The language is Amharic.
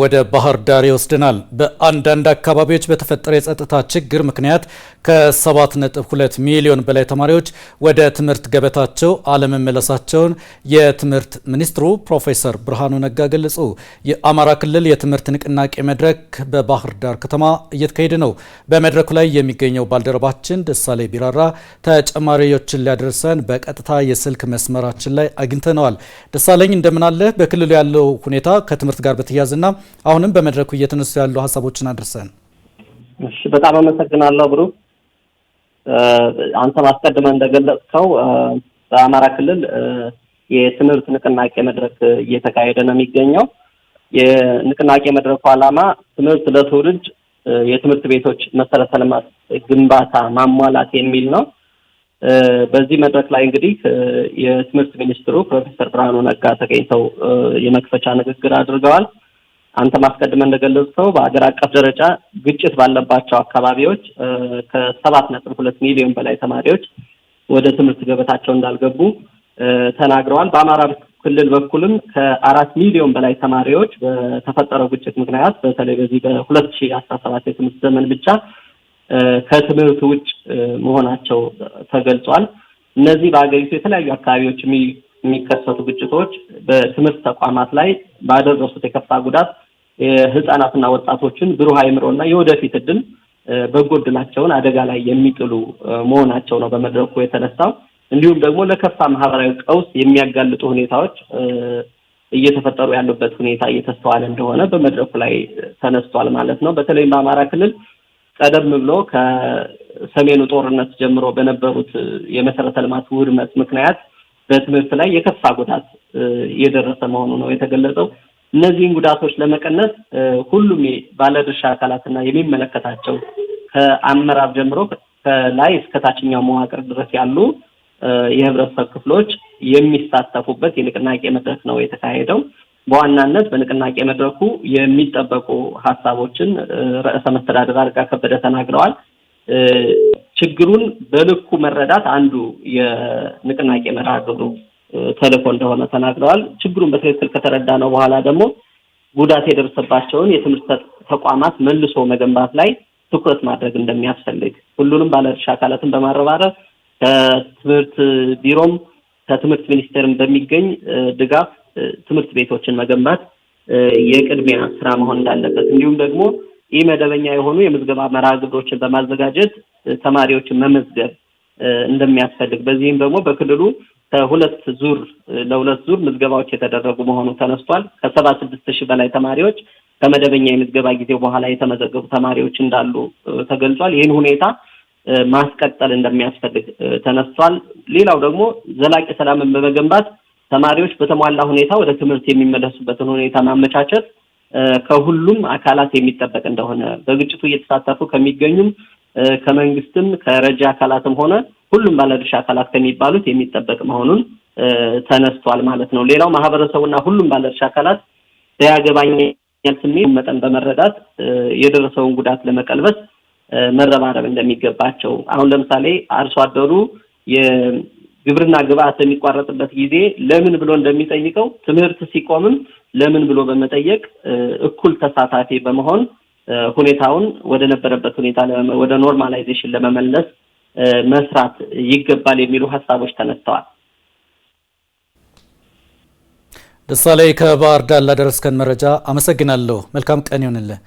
ወደ ባህር ዳር ይወስደናል። በአንዳንድ አካባቢዎች በተፈጠረ የጸጥታ ችግር ምክንያት ከ7.2 ሚሊዮን በላይ ተማሪዎች ወደ ትምህርት ገበታቸው አለመመለሳቸውን የትምህርት ሚኒስትሩ ፕሮፌሰር ብርሃኑ ነጋ ገለጹ። የአማራ ክልል የትምህርት ንቅናቄ መድረክ በባህር ዳር ከተማ እየተካሄደ ነው። በመድረኩ ላይ የሚገኘው ባልደረባችን ደሳሌ ቢራራ ተጨማሪዎችን ሊያደርሰን በቀጥታ የስልክ መስመራችን ላይ አግኝተነዋል። ደሳለኝ እንደምናለህ። በክልሉ ያለው ሁኔታ ከትምህርት ጋር በተያያዘና አሁንም በመድረኩ እየተነሱ ያሉ ሀሳቦችን አድርሰን። እሺ፣ በጣም አመሰግናለሁ ብሩ። አንተም አስቀድመህ እንደገለጽከው በአማራ ክልል የትምህርት ንቅናቄ መድረክ እየተካሄደ ነው የሚገኘው። የንቅናቄ መድረኩ ዓላማ ትምህርት ለትውልድ የትምህርት ቤቶች መሰረተ ልማት ግንባታ ማሟላት የሚል ነው። በዚህ መድረክ ላይ እንግዲህ የትምህርት ሚኒስትሩ ፕሮፌሰር ብርሃኑ ነጋ ተገኝተው የመክፈቻ ንግግር አድርገዋል። አንተም አስቀድመ እንደገለጽከው በአገር አቀፍ ደረጃ ግጭት ባለባቸው አካባቢዎች ከሰባት ነጥብ ሁለት ሚሊዮን በላይ ተማሪዎች ወደ ትምህርት ገበታቸው እንዳልገቡ ተናግረዋል። በአማራ ክልል በኩልም ከአራት ሚሊዮን በላይ ተማሪዎች በተፈጠረው ግጭት ምክንያት በተለይ በዚህ በሁለት ሺህ አስራ ሰባት የትምህርት ዘመን ብቻ ከትምህርት ውጭ መሆናቸው ተገልጿል። እነዚህ በሀገሪቱ የተለያዩ አካባቢዎች የሚከሰቱ ግጭቶች በትምህርት ተቋማት ላይ ባደረሱት የከፋ ጉዳት ህጻናትና ወጣቶችን ብሩህ አእምሮና የወደፊት እድል በጎ እድላቸውን አደጋ ላይ የሚጥሉ መሆናቸው ነው በመድረኩ የተነሳው። እንዲሁም ደግሞ ለከፋ ማህበራዊ ቀውስ የሚያጋልጡ ሁኔታዎች እየተፈጠሩ ያሉበት ሁኔታ እየተስተዋለ እንደሆነ በመድረኩ ላይ ተነስቷል ማለት ነው። በተለይም በአማራ ክልል ቀደም ብሎ ከሰሜኑ ጦርነት ጀምሮ በነበሩት የመሰረተ ልማት ውድመት ምክንያት በትምህርት ላይ የከፋ ጉዳት የደረሰ መሆኑ ነው የተገለጸው። እነዚህን ጉዳቶች ለመቀነስ ሁሉም ባለድርሻ አካላትና የሚመለከታቸው ከአመራር ጀምሮ ከላይ እስከ ታችኛው መዋቅር ድረስ ያሉ የህብረተሰብ ክፍሎች የሚሳተፉበት የንቅናቄ መድረክ ነው የተካሄደው። በዋናነት በንቅናቄ መድረኩ የሚጠበቁ ሀሳቦችን ርዕሰ መስተዳደር አረጋ ከበደ ተናግረዋል። ችግሩን በልኩ መረዳት አንዱ የንቅናቄ መርሃ ግብሩ ተልኮ እንደሆነ ተናግረዋል። ችግሩን በትክክል ከተረዳ ነው በኋላ ደግሞ ጉዳት የደረሰባቸውን የትምህርት ተቋማት መልሶ መገንባት ላይ ትኩረት ማድረግ እንደሚያስፈልግ ሁሉንም ባለድርሻ አካላትን በማረባረብ ከትምህርት ቢሮም ከትምህርት ሚኒስቴርም በሚገኝ ድጋፍ ትምህርት ቤቶችን መገንባት የቅድሚያ ስራ መሆን እንዳለበት እንዲሁም ደግሞ ኢ መደበኛ የሆኑ የምዝገባ መርሃ ግብሮችን በማዘጋጀት ተማሪዎችን መመዝገብ እንደሚያስፈልግ በዚህም ደግሞ በክልሉ ከሁለት ዙር ለሁለት ዙር ምዝገባዎች የተደረጉ መሆኑ ተነስቷል። ከሰባ ስድስት ሺህ በላይ ተማሪዎች ከመደበኛ የምዝገባ ጊዜ በኋላ የተመዘገቡ ተማሪዎች እንዳሉ ተገልጿል። ይህን ሁኔታ ማስቀጠል እንደሚያስፈልግ ተነስቷል። ሌላው ደግሞ ዘላቂ ሰላምን በመገንባት ተማሪዎች በተሟላ ሁኔታ ወደ ትምህርት የሚመለሱበትን ሁኔታ ማመቻቸት ከሁሉም አካላት የሚጠበቅ እንደሆነ በግጭቱ እየተሳተፉ ከሚገኙም ከመንግስትም ከረጃ አካላትም ሆነ ሁሉም ባለድርሻ አካላት ከሚባሉት የሚጠበቅ መሆኑን ተነስቷል ማለት ነው። ሌላው ማህበረሰቡና ሁሉም ባለድርሻ አካላት ያገባኛል ስሜት መጠን በመረዳት የደረሰውን ጉዳት ለመቀልበስ መረባረብ እንደሚገባቸው አሁን ለምሳሌ አርሶ አደሩ የግብርና ግብአት በሚቋረጥበት ጊዜ ለምን ብሎ እንደሚጠይቀው ትምህርት ሲቆምም ለምን ብሎ በመጠየቅ እኩል ተሳታፊ በመሆን ሁኔታውን ወደ ነበረበት ሁኔታ ወደ ኖርማላይዜሽን ለመመለስ መስራት ይገባል የሚሉ ሀሳቦች ተነስተዋል። ደሳለኝ ከባህር ዳር ላደረስከን መረጃ አመሰግናለሁ። መልካም ቀን ይሁንልህ።